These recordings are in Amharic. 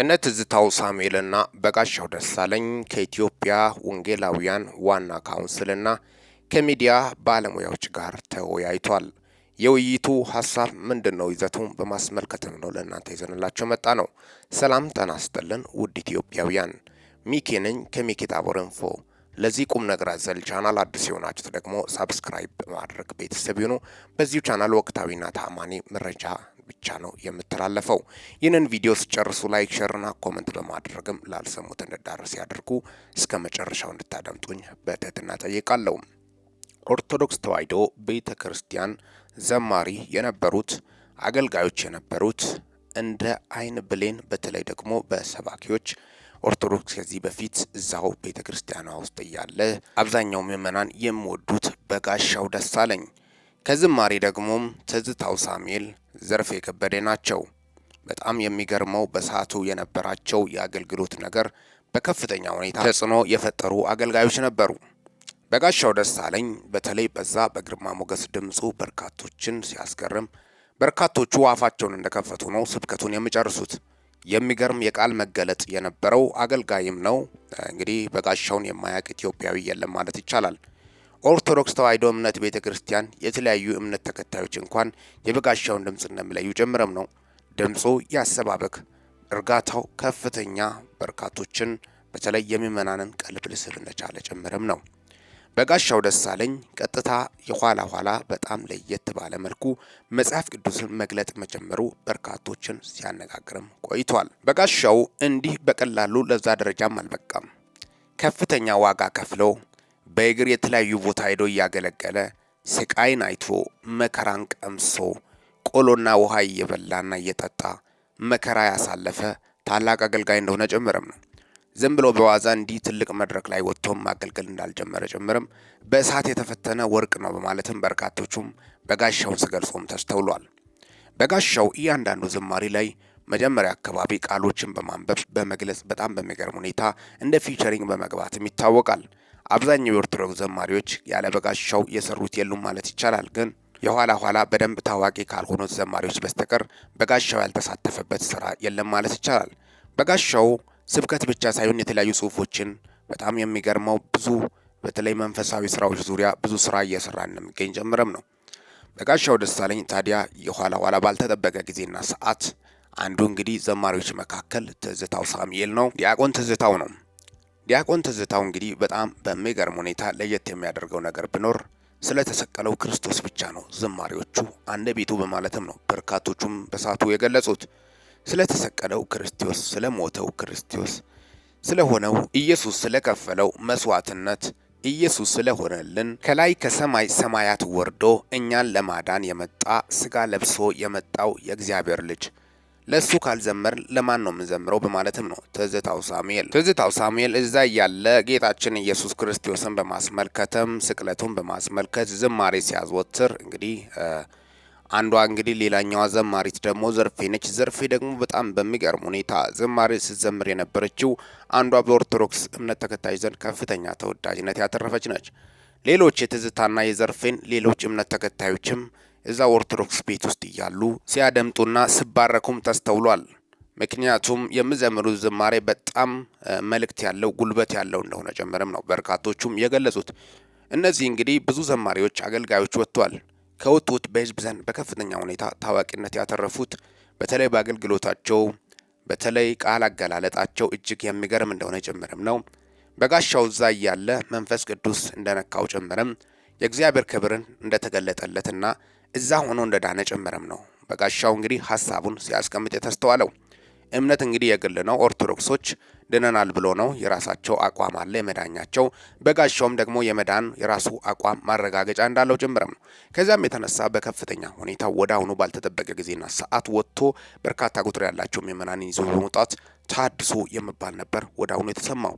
እነ ትዝታው ሳሙኤልና በጋሻው ደሳለኝ ከኢትዮጵያ ወንጌላውያን ዋና ካውንስልና ከሚዲያ ባለሙያዎች ጋር ተወያይቷል። የውይይቱ ሀሳብ ምንድን ነው? ይዘቱን በማስመልከትም ነው ለእናንተ ይዘንላቸው መጣ ነው። ሰላም ጤና ውድ ኢትዮጵያውያን፣ ሚኬ ነኝ ከሚኬ ታቦር ኢንፎ። ለዚህ ቁም ነገር አዘል ቻናል አዲስ የሆናችሁት ደግሞ ሳብስክራይብ በማድረግ ቤተሰብ ይሁኑ። በዚሁ ቻናል ወቅታዊና ታማኒ መረጃ ብቻ ነው የምተላለፈው። ይህንን ቪዲዮ ስጨርሱ ላይክ፣ ሸርና ኮመንት በማድረግም ላልሰሙት እንድዳረስ ያድርጉ። እስከ መጨረሻው እንድታደምጡኝ በትህትና ጠይቃለሁ። ኦርቶዶክስ ተዋሕዶ ቤተ ክርስቲያን ዘማሪ የነበሩት አገልጋዮች የነበሩት እንደ አይን ብሌን በተለይ ደግሞ በሰባኪዎች ኦርቶዶክስ ከዚህ በፊት እዛው ቤተ ክርስቲያኗ ውስጥ እያለ አብዛኛው ምዕመናን የሚወዱት በጋሻው ደሳለኝ ከዝማሬ ደግሞም ትዝታው ሳሙኤል፣ ዘርፌ ከበደ ናቸው። በጣም የሚገርመው በሰዓቱ የነበራቸው የአገልግሎት ነገር በከፍተኛ ሁኔታ ተጽዕኖ የፈጠሩ አገልጋዮች ነበሩ። በጋሻው ደሳለኝ በተለይ በዛ በግርማ ሞገስ ድምፁ በርካቶችን ሲያስገርም፣ በርካቶቹ አፋቸውን እንደከፈቱ ነው ስብከቱን የሚጨርሱት። የሚገርም የቃል መገለጥ የነበረው አገልጋይም ነው። እንግዲህ በጋሻውን የማያውቅ ኢትዮጵያዊ የለም ማለት ይቻላል። ኦርቶዶክስ ተዋሕዶ እምነት ቤተ ክርስቲያን የተለያዩ እምነት ተከታዮች እንኳን የበጋሻውን ድምፅ እንደሚለዩ ጨምረም ነው። ድምፁ ያሰባበክ እርጋታው ከፍተኛ በርካቶችን በተለይ የሚመናንን ቀልብ ልስብ እንደቻለ ነው። በጋሻው ደሳለኝ ቀጥታ የኋላ ኋላ በጣም ለየት ባለ መልኩ መጽሐፍ ቅዱስን መግለጥ መጀመሩ በርካቶችን ሲያነጋግርም ቆይቷል። በጋሻው እንዲህ በቀላሉ ለዛ ደረጃም አልበቃም። ከፍተኛ ዋጋ ከፍለው በእግር የተለያዩ ቦታ ሄዶ እያገለገለ ስቃይን አይቶ መከራን ቀምሶ ቆሎና ውሃ እየበላና እየጠጣ መከራ ያሳለፈ ታላቅ አገልጋይ እንደሆነ ጭምርም ነው። ዝም ብሎ በዋዛ እንዲህ ትልቅ መድረክ ላይ ወጥቶም ማገልገል እንዳልጀመረ ጭምርም በእሳት የተፈተነ ወርቅ ነው በማለትም በርካቶቹም በጋሻው ሲገልጾም ተስተውሏል። በጋሻው እያንዳንዱ ዝማሬ ላይ መጀመሪያ አካባቢ ቃሎችን በማንበብ በመግለጽ በጣም በሚገርም ሁኔታ እንደ ፊቸሪንግ በመግባትም ይታወቃል። አብዛኛው የኦርቶዶክስ ዘማሪዎች ያለበጋሻው የሰሩት የሉም ማለት ይቻላል ግን የኋላ ኋላ በደንብ ታዋቂ ካልሆኑት ዘማሪዎች በስተቀር በጋሻው ያልተሳተፈበት ስራ የለም ማለት ይቻላል። በጋሻው ስብከት ብቻ ሳይሆን የተለያዩ ጽሁፎችን በጣም የሚገርመው ብዙ በተለይ መንፈሳዊ ስራዎች ዙሪያ ብዙ ስራ እየሰራ እንደሚገኝ ጀምረም ነው። በጋሻው ደሳለኝ ታዲያ የኋላ ኋላ ባልተጠበቀ ጊዜና ሰዓት አንዱ እንግዲህ ዘማሪዎች መካከል ትዝታው ሳሙኤል ነው፣ ዲያቆን ትዝታው ነው። ዲያቆን ትዝታው እንግዲህ በጣም በሚገርም ሁኔታ ለየት የሚያደርገው ነገር ቢኖር ስለተሰቀለው ክርስቶስ ብቻ ነው። ዝማሬዎቹ አንደ ቤቱ በማለትም ነው በርካቶቹም በሳቱ የገለጹት። ስለተሰቀለው ክርስቶስ፣ ስለሞተው ክርስቶስ፣ ስለሆነው ኢየሱስ፣ ስለከፈለው መስዋዕትነት ኢየሱስ ስለሆነልን ከላይ ከሰማይ ሰማያት ወርዶ እኛን ለማዳን የመጣ ስጋ ለብሶ የመጣው የእግዚአብሔር ልጅ ለእሱ ካልዘመር ለማን ነው የምንዘምረው? በማለትም ነው ትዝታው ሳሙኤል። ትዝታው ሳሙኤል እዛ እያለ ጌታችን ኢየሱስ ክርስቶስን በማስመልከትም ስቅለቱን በማስመልከት ዝማሬ ሲያዘወትር እንግዲህ አንዷ እንግዲህ ሌላኛዋ ዘማሪት ደግሞ ዘርፌ ነች። ዘርፌ ደግሞ በጣም በሚገርም ሁኔታ ዝማሬ ስትዘምር የነበረችው አንዷ በኦርቶዶክስ እምነት ተከታዮች ዘንድ ከፍተኛ ተወዳጅነት ያተረፈች ነች። ሌሎች የትዝታና የዘርፌን ሌሎች እምነት ተከታዮችም እዛ ኦርቶዶክስ ቤት ውስጥ እያሉ ሲያደምጡና ሲባረኩም ተስተውሏል። ምክንያቱም የምዘምሩ ዝማሬ በጣም መልእክት ያለው ጉልበት ያለው እንደሆነ ጭምርም ነው በርካቶቹም የገለጹት። እነዚህ እንግዲህ ብዙ ዘማሪዎች አገልጋዮች ወጥቷል። ከወጡት በህዝብ ዘንድ በከፍተኛ ሁኔታ ታዋቂነት ያተረፉት በተለይ በአገልግሎታቸው በተለይ ቃል አገላለጣቸው እጅግ የሚገርም እንደሆነ ጭምርም ነው። በጋሻው እዛ እያለ መንፈስ ቅዱስ እንደነካው ጭምርም የእግዚአብሔር ክብርን እንደተገለጠለትና እዛ ሆኖ እንደዳነ ጭምርም ነው። በጋሻው እንግዲህ ሀሳቡን ሲያስቀምጥ የተስተዋለው እምነት እንግዲህ የግል ነው። ኦርቶዶክሶች ድነናል ብሎ ነው የራሳቸው አቋም አለ የመዳኛቸው። በጋሻውም ደግሞ የመዳን የራሱ አቋም ማረጋገጫ እንዳለው ጭምርም ነው። ከዚያም የተነሳ በከፍተኛ ሁኔታ ወደ አሁኑ ባልተጠበቀ ጊዜና ሰዓት ወጥቶ በርካታ ቁጥር ያላቸው ምዕመናን ይዞ በመውጣት ታድሶ የሚባል ነበር ወደ አሁኑ የተሰማው።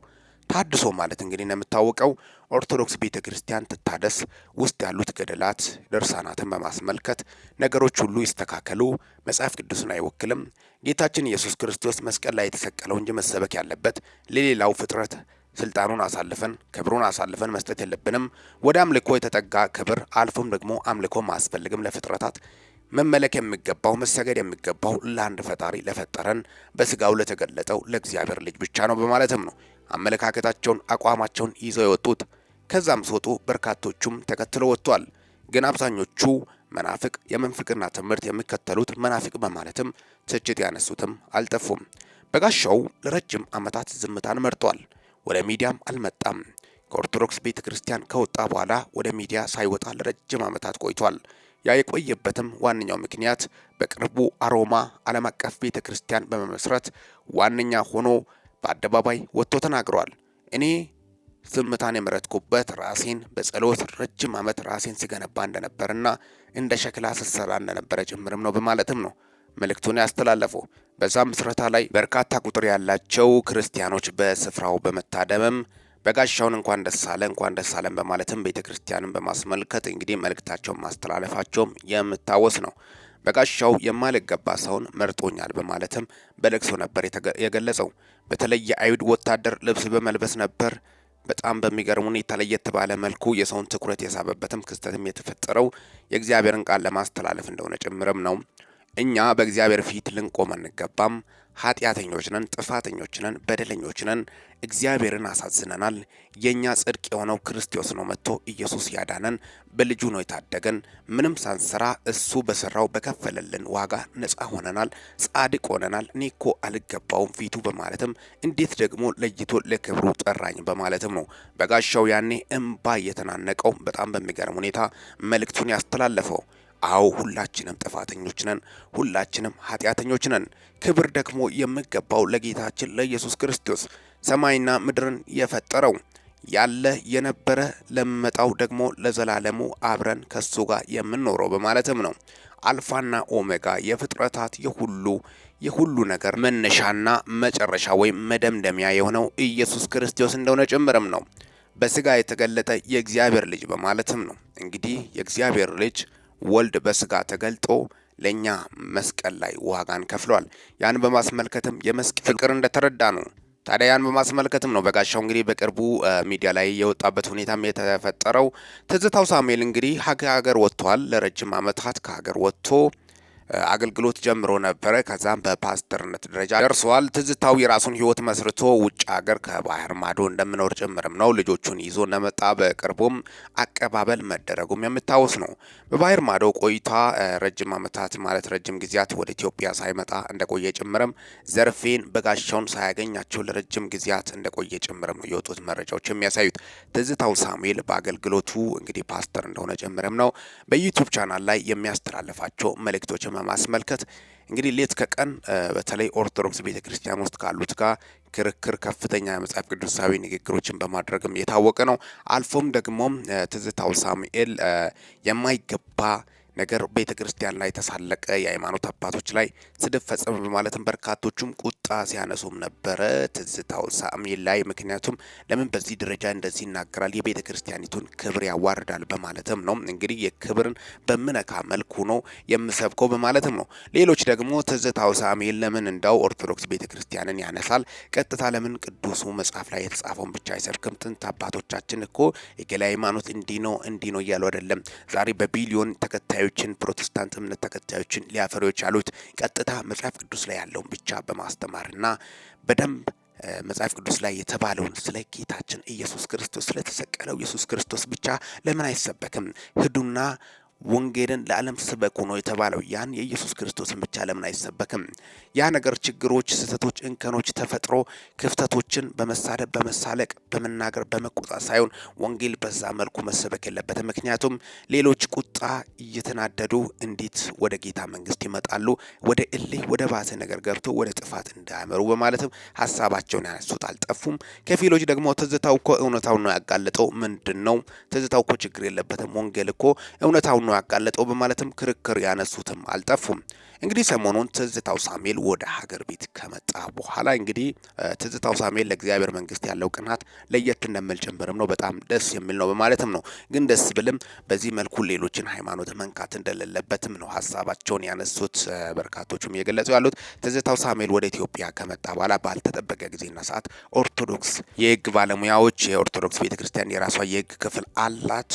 ታድሶ ማለት እንግዲህ እንደምታወቀው ኦርቶዶክስ ቤተ ክርስቲያን ትታደስ፣ ውስጥ ያሉት ገደላት ድርሳናትን በማስመልከት ነገሮች ሁሉ ይስተካከሉ፣ መጽሐፍ ቅዱስን አይወክልም። ጌታችን ኢየሱስ ክርስቶስ መስቀል ላይ የተሰቀለው እንጂ መሰበክ ያለበት ለሌላው ፍጥረት ስልጣኑን አሳልፈን ክብሩን አሳልፈን መስጠት የለብንም። ወደ አምልኮ የተጠጋ ክብር አልፎም ደግሞ አምልኮ ማስፈልግም ለፍጥረታት መመለክ የሚገባው መሰገድ የሚገባው ለአንድ ፈጣሪ ለፈጠረን በስጋው ለተገለጠው ለእግዚአብሔር ልጅ ብቻ ነው በማለትም ነው አመለካከታቸውን፣ አቋማቸውን ይዘው የወጡት። ከዛም ሲወጡ በርካቶቹም ተከትለው ወጥቷል። ግን አብዛኞቹ መናፍቅ የምንፍቅና ትምህርት የሚከተሉት መናፍቅ በማለትም ትችት ያነሱትም አልጠፉም። በጋሻው ለረጅም ዓመታት ዝምታን መርጧል። ወደ ሚዲያም አልመጣም። ከኦርቶዶክስ ቤተ ክርስቲያን ከወጣ በኋላ ወደ ሚዲያ ሳይወጣ ለረጅም ዓመታት ቆይቷል። ያ የቆየበትም ዋነኛው ምክንያት በቅርቡ አሮማ ዓለም አቀፍ ቤተ ክርስቲያን በመመስረት ዋነኛ ሆኖ በአደባባይ ወጥቶ ተናግረዋል። እኔ ዝምታን የመረጥኩበት ራሴን በጸሎት ረጅም ዓመት ራሴን ስገነባ እንደነበርና እንደ ሸክላ ስሰራ እንደነበረ ጭምርም ነው በማለትም ነው መልእክቱን ያስተላለፈው። በዛ ምስረታ ላይ በርካታ ቁጥር ያላቸው ክርስቲያኖች በስፍራው በመታደምም በጋሻውን እንኳን ደስ አለ እንኳን ደስ አለን በማለትም ቤተ ክርስቲያንን በማስመልከት እንግዲህ መልእክታቸውን ማስተላለፋቸውም የምታወስ ነው። በጋሻው የማልገባ ሰውን መርጦኛል በማለትም በለቅሶ ነበር የገለጸው። በተለይ የአይሁድ ወታደር ልብስ በመልበስ ነበር በጣም በሚገርም ሁኔታ ለየት ባለ መልኩ የሰውን ትኩረት የሳበበትም ክስተትም የተፈጠረው የእግዚአብሔርን ቃል ለማስተላለፍ እንደሆነ ጭምርም ነው። እኛ በእግዚአብሔር ፊት ልንቆም አንገባም። ኃጢአተኞች ነን፣ ጥፋተኞች ነን፣ በደለኞች ነን፣ እግዚአብሔርን አሳዝነናል። የእኛ ጽድቅ የሆነው ክርስቶስ ነው መጥቶ ኢየሱስ ያዳነን፣ በልጁ ነው የታደገን። ምንም ሳንሰራ እሱ በሰራው በከፈለልን ዋጋ ነጻ ሆነናል፣ ጻድቅ ሆነናል። እኔ እኮ አልገባውም ፊቱ በማለትም እንዴት ደግሞ ለይቶ ለክብሩ ጠራኝ በማለትም ነው በጋሻው ያኔ እምባ የተናነቀው በጣም በሚገርም ሁኔታ መልእክቱን ያስተላለፈው። አዎ ሁላችንም ጥፋተኞች ነን፣ ሁላችንም ኃጢአተኞች ነን። ክብር ደግሞ የሚገባው ለጌታችን ለኢየሱስ ክርስቶስ ሰማይና ምድርን የፈጠረው ያለ የነበረ ለመጣው ደግሞ ለዘላለሙ አብረን ከሱ ጋር የምንኖረው በማለትም ነው። አልፋና ኦሜጋ የፍጥረታት የሁሉ የሁሉ ነገር መነሻና መጨረሻ ወይም መደምደሚያ የሆነው ኢየሱስ ክርስቶስ እንደሆነ ጭምርም ነው። በስጋ የተገለጠ የእግዚአብሔር ልጅ በማለትም ነው። እንግዲህ የእግዚአብሔር ልጅ ወልድ በስጋ ተገልጦ ለእኛ መስቀል ላይ ዋጋን ከፍሏል። ያን በማስመልከትም የመስቀል ፍቅር እንደተረዳ ነው። ታዲያ ያን በማስመልከትም ነው በጋሻው እንግዲህ በቅርቡ ሚዲያ ላይ የወጣበት ሁኔታም የተፈጠረው። ትዝታው ሳሙኤል እንግዲህ ከሀገር ወጥቷል። ለረጅም ዓመታት ከሀገር ወጥቶ አገልግሎት ጀምሮ ነበረ። ከዛም በፓስተርነት ደረጃ ደርሰዋል። ትዝታው የራሱን ህይወት መስርቶ ውጭ ሀገር ከባህር ማዶ እንደምኖር ጭምርም ነው ልጆቹን ይዞ እንደመጣ በቅርቡም አቀባበል መደረጉም የምታወስ ነው። በባህር ማዶ ቆይታ ረጅም ዓመታት ማለት ረጅም ጊዜያት ወደ ኢትዮጵያ ሳይመጣ እንደቆየ ጭምርም ዘርፌን በጋሻውን ሳያገኛቸው ለረጅም ጊዜያት እንደቆየ ጭምርም ነው የወጡት መረጃዎች የሚያሳዩት። ትዝታው ሳሙኤል በአገልግሎቱ እንግዲህ ፓስተር እንደሆነ ጭምርም ነው በዩቱብ ቻናል ላይ የሚያስተላልፋቸው መልእክቶች በማስመልከት እንግዲህ ሌት ከቀን በተለይ ኦርቶዶክስ ቤተ ክርስቲያን ውስጥ ካሉት ጋር ክርክር፣ ከፍተኛ መጽሐፍ ቅዱሳዊ ንግግሮችን በማድረግም የታወቀ ነው። አልፎም ደግሞ ትዝታው ሳሙኤል የማይገባ ነገር ቤተ ክርስቲያን ላይ ተሳለቀ፣ የሃይማኖት አባቶች ላይ ስድብ ፈጸመ በማለትም በርካቶቹም ቁጣ ሲያነሱም ነበረ። ትዝታው ሳሚ ላይ ምክንያቱም ለምን በዚህ ደረጃ እንደዚህ ይናገራል፣ የቤተ ክርስቲያኒቱን ክብር ያዋርዳል በማለትም ነው እንግዲህ የክብርን በምነካ መልኩ ነው የምሰብከው በማለትም ነው። ሌሎች ደግሞ ትዝታው ሳሚ ለምን እንዳው ኦርቶዶክስ ቤተ ክርስቲያንን ያነሳል፣ ቀጥታ ለምን ቅዱሱ መጽሐፍ ላይ የተጻፈውን ብቻ አይሰብክም? ጥንት አባቶቻችን እኮ የገላ ሃይማኖት እንዲህ ነው እንዲህ ነው እያሉ አይደለም ዛሬ በቢሊዮን ተከታይ ተከታዮችን ፕሮቴስታንት እምነት ተከታዮችን ሊያፈሩ የቻሉት ቀጥታ መጽሐፍ ቅዱስ ላይ ያለውን ብቻ በማስተማርና በደንብ መጽሐፍ ቅዱስ ላይ የተባለውን ስለ ጌታችን ኢየሱስ ክርስቶስ ስለተሰቀለው ኢየሱስ ክርስቶስ ብቻ ለምን አይሰበክም? ሂዱና ወንጌልን ለዓለም ስበኩ ነው የተባለው። ያን የኢየሱስ ክርስቶስን ብቻ ለምን አይሰበክም? ያ ነገር ችግሮች፣ ስህተቶች፣ እንከኖች ተፈጥሮ ክፍተቶችን በመሳደብ በመሳለቅ፣ በመናገር፣ በመቆጣት ሳይሆን ወንጌል በዛ መልኩ መሰበክ የለበትም። ምክንያቱም ሌሎች ቁጣ እየተናደዱ እንዴት ወደ ጌታ መንግስት ይመጣሉ? ወደ እልህ ወደ ባሰ ነገር ገብቶ ወደ ጥፋት እንዳያመሩ በማለትም ሀሳባቸውን ያነሱት። አልጠፉም። ከፊሎች ደግሞ ትዝታው እኮ እውነታውን ነው ያጋለጠው። ምንድን ነው ትዝታው እኮ ችግር የለበትም። ወንጌል እኮ እውነታው ነው ነው ያጋለጠው በማለትም ክርክር ያነሱትም አልጠፉም። እንግዲህ ሰሞኑን ትዝታው ሳሙኤል ወደ ሀገር ቤት ከመጣ በኋላ እንግዲህ ትዝታው ሳሙኤል ለእግዚአብሔር መንግስት ያለው ቅናት ለየት እንደምል ጭምርም ነው። በጣም ደስ የሚል ነው በማለትም ነው። ግን ደስ ብልም በዚህ መልኩ ሌሎችን ሃይማኖት መንካት እንደሌለበትም ነው ሀሳባቸውን ያነሱት። በርካቶቹም እየገለጹ ያሉት ትዝታው ሳሙኤል ወደ ኢትዮጵያ ከመጣ በኋላ ባልተጠበቀ ጊዜና ሰዓት ኦርቶዶክስ የህግ ባለሙያዎች የኦርቶዶክስ ቤተክርስቲያን የራሷ የህግ ክፍል አላት።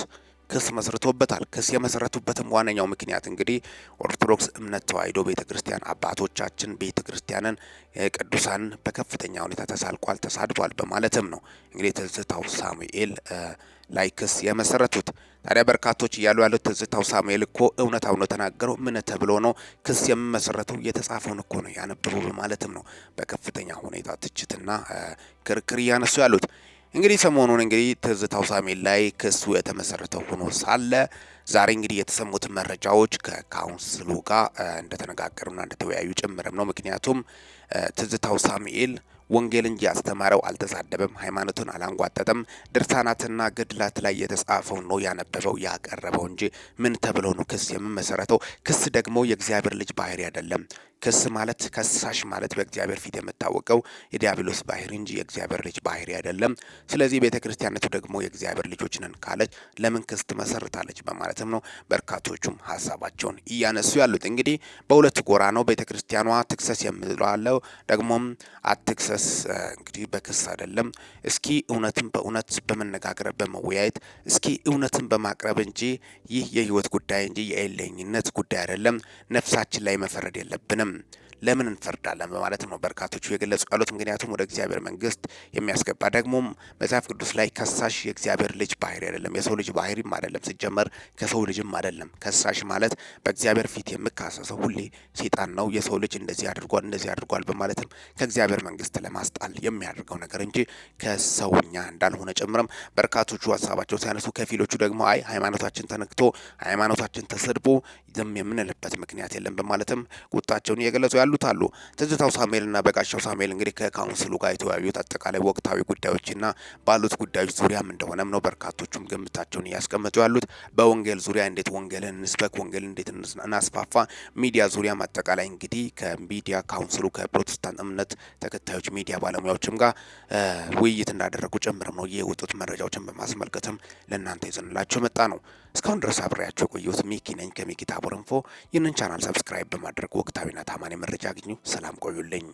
ክስ መስርቶበታል። ክስ የመሰረቱበትም ዋነኛው ምክንያት እንግዲህ ኦርቶዶክስ እምነት ተዋሕዶ ቤተ ክርስቲያን አባቶቻችን ቤተ ክርስቲያንን ቅዱሳን በከፍተኛ ሁኔታ ተሳልቋል፣ ተሳድቧል በማለትም ነው እንግዲህ ትዝታው ሳሙኤል ላይ ክስ የመሰረቱት። ታዲያ በርካቶች እያሉ ያሉት ትዝታው ሳሙኤል እኮ እውነታው ነው ተናገረው፣ ምን ተብሎ ነው ክስ የሚመሰረተው? የተጻፈውን እኮ ነው ያነበበው በማለትም ነው በከፍተኛ ሁኔታ ትችትና ክርክር እያነሱ ያሉት። እንግዲህ ሰሞኑን እንግዲህ ትዝታው ሳሜል ላይ ክሱ የተመሰረተው ሆኖ ሳለ ዛሬ እንግዲህ የተሰሙት መረጃዎች ከካውንስሉ ጋር እንደተነጋገሩና እንደተወያዩ ጭምርም ነው። ምክንያቱም ትዝታው ሳሙኤል ወንጌል እንጂ ያስተማረው አልተሳደበም፣ ሃይማኖቱን አላንጓጠጠም፣ ድርሳናትና ገድላት ላይ የተጻፈው ነው ያነበበው ያቀረበው እንጂ ምን ተብሎ ነው ክስ የምመሰረተው? ክስ ደግሞ የእግዚአብሔር ልጅ ባህሪ አይደለም። ክስ ማለት ከሳሽ ማለት በእግዚአብሔር ፊት የምታወቀው የዲያብሎስ ባህሪ እንጂ የእግዚአብሔር ልጅ ባህሪ አይደለም። ስለዚህ ቤተ ክርስቲያነቱ ደግሞ የእግዚአብሔር ልጆች ነን ካለች ለምን ክስ ትመሰርታለች? በማለትም ነው በርካቶቹም ሀሳባቸውን እያነሱ ያሉት። እንግዲህ በሁለት ጎራ ነው ቤተ ክርስቲያኗ ትክሰስ የምትለዋለው ደግሞም አትክሰስ። እንግዲህ በክስ አይደለም። እስኪ እውነትን በእውነት በመነጋገር በመወያየት እስኪ እውነትን በማቅረብ እንጂ ይህ የህይወት ጉዳይ እንጂ የእልህኝነት ጉዳይ አይደለም። ነፍሳችን ላይ መፈረድ የለብንም። them um, ለምን እንፈርዳለን በማለት ነው በርካቶቹ የገለጹ ያሉት። ምክንያቱም ወደ እግዚአብሔር መንግስት የሚያስገባ ደግሞም መጽሐፍ ቅዱስ ላይ ከሳሽ የእግዚአብሔር ልጅ ባህሪ አይደለም፣ የሰው ልጅ ባህሪም አይደለም፣ ሲጀመር ከሰው ልጅም አይደለም። ከሳሽ ማለት በእግዚአብሔር ፊት የምካሰሰው ሁሌ ሰይጣን ነው። የሰው ልጅ እንደዚህ አድርጓል፣ እንደዚህ አድርጓል በማለትም ከእግዚአብሔር መንግስት ለማስጣል የሚያደርገው ነገር እንጂ ከሰውኛ እንዳልሆነ ጭምርም በርካቶቹ ሀሳባቸው ሲያነሱ፣ ከፊሎቹ ደግሞ አይ ሃይማኖታችን ተነክቶ ሃይማኖታችን ተሰድቦ ዝም የምንልበት ምክንያት የለም በማለትም ቁጣቸውን እየገለጹ ያሉ ያሉት አሉ። ትዝታው ሳሙኤልና በጋሻው ሳሙኤል እንግዲህ ከካውንስሉ ጋር የተወያዩት አጠቃላይ ወቅታዊ ጉዳዮችና ባሉት ጉዳዮች ዙሪያም እንደሆነም ነው በርካቶቹም ግምታቸውን እያስቀመጡ ያሉት። በወንጌል ዙሪያ እንዴት ወንጌልን እንስበክ፣ ወንጌል እንዴት እናስፋፋ፣ ሚዲያ ዙሪያም አጠቃላይ እንግዲህ ከሚዲያ ካውንስሉ ከፕሮቴስታንት እምነት ተከታዮች ሚዲያ ባለሙያዎችም ጋር ውይይት እንዳደረጉ ጭምርም ነው የወጡት መረጃዎችን በማስመልከትም ለእናንተ ይዘንላቸው መጣ ነው። እስካሁን ድረስ አብሬያቸው ቆየሁት። ሚኪ ነኝ ከሚኪ ታቦር ኢንፎ። ይህንን ቻናል ሰብስክራይብ በማድረግ ወቅታዊና ታማኝ መረጃ አግኙ። ሰላም ቆዩልኝ።